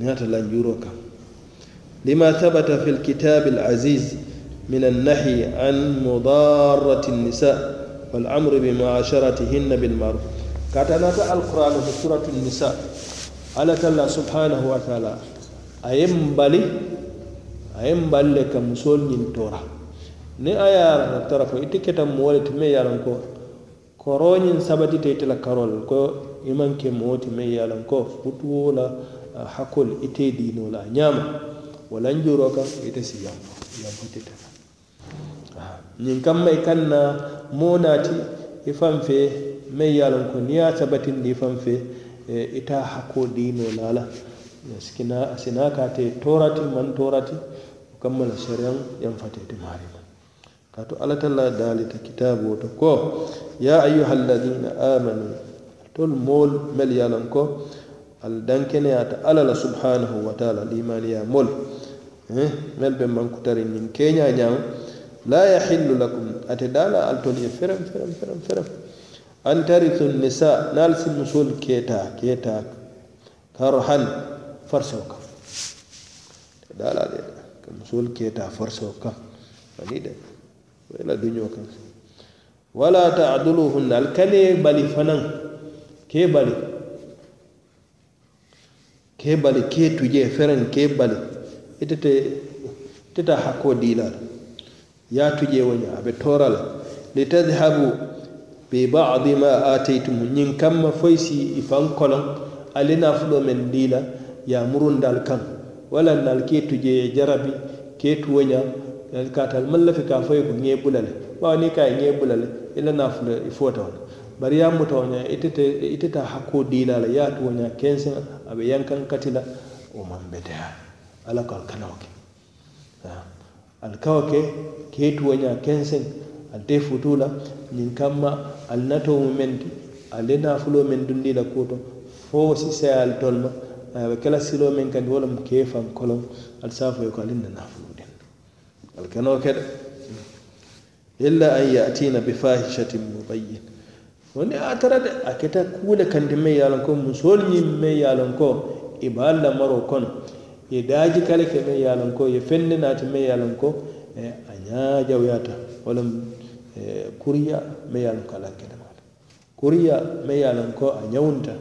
نياتا لانجوروكا لما ثبت في الكتاب العزيز من النهي عن مضارة النساء والأمر بمعاشرتهن بالمعروف كاتناتا القرآن في سورة النساء على تلا سبحانه وتعالى أيم بالي أيم بالي كمسول نتورا ni a ye a loŋ tara ko ite keta moo le ti meŋ ye a loŋ ko koroñiŋ sabatita ite la karol ko i maŋ ke moo ti meŋ ye a loŋ ko futuo la a hakkol ite e dinola a ñama walan joro kan ite si yamfo yamfote tata ñin kam may kan na mo naati i e fan fe may yalon ko niya sabatindi i fan fe ita e, hakko dinola la sikina asina kate torati man torati kammal sharian yamfate ti mari kato alla talla dalita kitabo to ko ya ayyuhalladina amanu tol mol mel yalon ko al dankeneyata ala la subhanahu wa taala limaniya mol mel be mankutari ñin keña ñaw la yahillu lakum ate dala altol ye ferem ferem ferem ferem an tarithu nisa nal si musol keta keta karhan farso kam dala de ka musol keta farso kam ani de wala duño kam wala ta'duluhunna al kale bali fanan ke bali keebale keetuje e feren keebale itete teta hakkoo diilaal yaatuje woña aɓe toorala li tadhabu be badi ma aataytum ñin kamma foy si i e fankolon ali naafuɗo men diila ya murundal kan wala nal keetuje e jarabi keetu woña katal mallafi ka foy ko ñeebulale ɓaawni ka e ñeebulale ila naafuɗo i e fotawon bari yammuta wona itete itete hakko dilala ya to wona 15 abe yankan katila o mambede ha ala ko kanawke al kawke ke to wona 15 al te futula nin kamma al nato mumendi alena fulo men dundila koto fo si se al tolma abe kala silo men kan wolam kefan kolon al safo ko alinda na fulo den al kanawke illa an ya'tina bi fahishatin mubayyin woni a tara de a keta kuule kandi meŋ ye a loŋ ko musool ñiŋ meŋ ye a loŋ ko i e be a lamaroo kono ye daaji kale ke meŋ ye e a e loŋ ko ye feŋ ne naati meŋ ye a loŋ ko a ñaa jawuyaata wo loŋ kuriya meŋ ye a loŋ ko a la kedema le kuriya meŋ ye a loŋ ko a ñawunta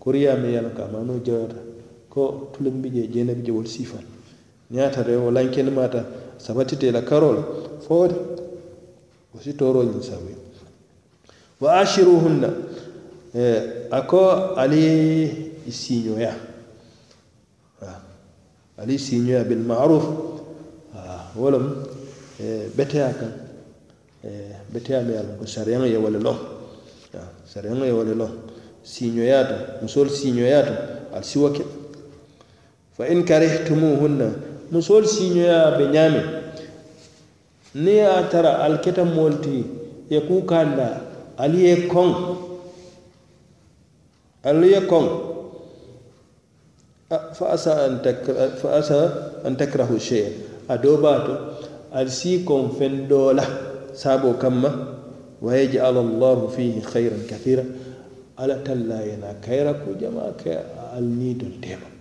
kuriya meŋ ye a loŋ ko a maanoo jawuyaata ko tuluŋ bi je jeenebi je wolu siifal ñaa ta re wo laŋ kendemaata sabatite la karoo la fo de wo si tooroo ñiŋ sawoyi wa ashiruhunna eh, a ko ali siñoya ali siñoya bilmaruf wolum eh, beteya kan eh, beteya me yalon ko sariyaŋ e ye wole loŋ sariyaŋ e ye wole loŋ siñoya to musol siñoya to al siwo ke fa in karihtumuhunna musol siñoya be ñaame ni a tara al keta molti ye kuu kanda ali ye koŋ ali ye koŋ fa asa an takra fa asa an takrahu shay'a a doo baa to ali si koŋ feŋ doo la saaboo kamma wa yaj'al allahu fihi khayran kathira ala talla yena kayra ku jamaa ke ali nii dol teema